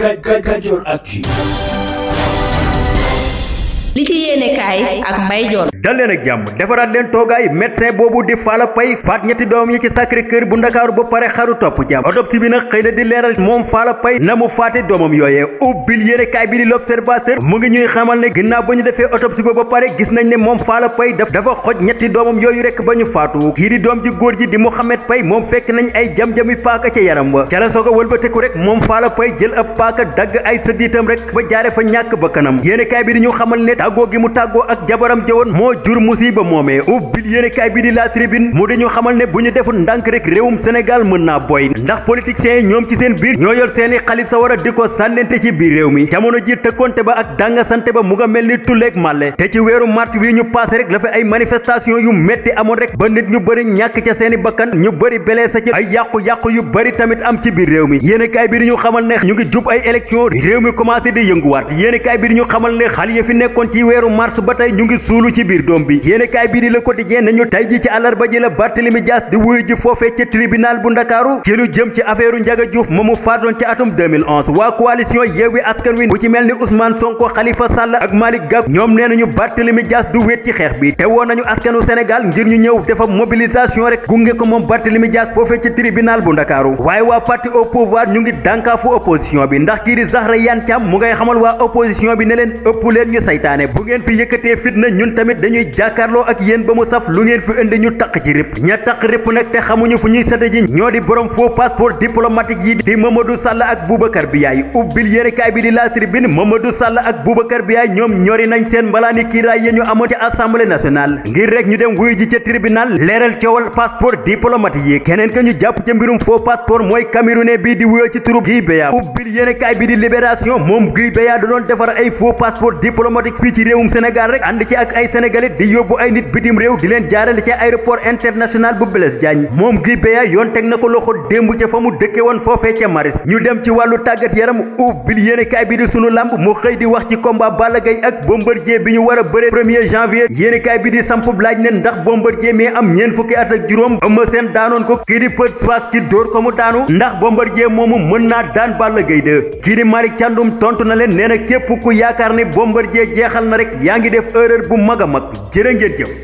Kajoor Actu li ci yene kay ak mbay joon dal leen ak jàmm defaraat leen toogaay médecin boobu di fala pay fat ñetti doom yi ci Sacré Cœur bu ndakaaru bu paré xaru top jam autopsie bi nak xeyna di leral mom fala pay namu faté domam yoyé yooyee yene kay bi di l'observateur mu ngi ñuy xamal ne ginnaaw bañu ñu autopsie bobu paré gis nañ ne mom fala pay daf dafa xoj ñetti domam yoyu rek bañu ñu faatu kii di dom ji gor ji di mohammed pay mom fekk nañ ay jam-jami paaka ci yaram ba ci la cala soo ko wëlbateku rek mom fala pay jël ëpp paaka dag ay sëddiitam rek ba jaaré fa ñak ba kanam yéene kaay bi di ñu xamal ne tago gi mu tago ak jabaram jewon mo jur musiba momé moomee ubbil kay bi di la tribune mo di ñu xamal ne bu ñu deful ndànk rek rewum Sénégal mëna boy ndax politiciens ñom ci seen bir ñoo yor seeni xaalis sa war a di ci bir rew mi jamono ji tëkkonte ba ak danga santé ba mu nga melni ni tulleeg màlle te ci wéru mars wi ñu passé rek la fa ay manifestation yu metti amoon rek ba nit ñu bari ñak ci seeni bakkan ñu bari belee sa ci ay yaqku yaqku yu bari tamit am ci bir rew mi yene kay bi di ñu xamal ne ñu ngi jup ay élection rew mi commencé di yëngu waat yene kay bi di ñu xamal ne xal ya fi nekkon ci weeru mars ba tey ñu ngi suulu ci biir doom bi yéenekaay bii di Le Quotidien nañu tey ji ci àllarba ji la Barthélemy Dias di wuyu ji ci tribunal bu Ndakaaru ci lu jëm ci affaire Ndiaga Diouf moomu faatoon ci atum 2011 waa coalition Yewwi Askan Wi bu ci mel ni Ousmane Sonko Khalifa Sall ak Malick Gakou ñoom nee nañu Barthélemy Dias du wéet ci xeex bi te woon nañu askanu Sénégal ngir ñu ñëw defa mobilisation rek gunge ko moom Barthélemy Dias foofee ci tribunal bu Ndakaaru waaye waa bi ndax kii bi ne leen ëpp leen ne bu ngeen fi yëkëté fitna ñun tamit dañuy jaakarlo ak yeen ba mu saf lu ngeen fi indi ñu tak ci rëpp ña tak rëpp nak té xamuñu fu ñuy sate ji ñoo di borom faux passeport diplomatique yi di Mamadou Sall ak Boubacar Biaye ubbil kay bi di La Tribune Mamadou Sall ak Boubacar Biaye ñom ñori nañ seen balani kiiraay ya ñu ci assemblée nationale ngir rek ñu dem wuyu ji ci tribunal ci wal passeport diplomatique yi keneen ka ñu japp ci mbirum faux passeport moy camerounais bi di wuyoo ci turub Guy Béya ubbil kay bi di Libération mom Guy Béya da doon défar ay faux passeport diplomatique fii ci réewum Sénégal rek ànd ci ak ay sénégalais di yóbbu ay nit bitim réew di leen jaarale ci aéroport international bu Blaise Diagne moom Guy Béya yoon teg na ko loxo démb ca fa mu dëkke woon foofee ca Maris ñu dem ci wàllu tàggat yaram ubbil yéenekaay bi di sunu lamb mu xëy di wax ci combat Balla Gaye ak Bombardier bi ñu war a premier janvier yéenekaay bi di samp laaj ne ndax Bombardier mi am ñeen fukki at ak juróom Eumeu Sène daanoon ko kii di Pët xel na rek yaa def erreur bu mag a mag jërë ngeen jëf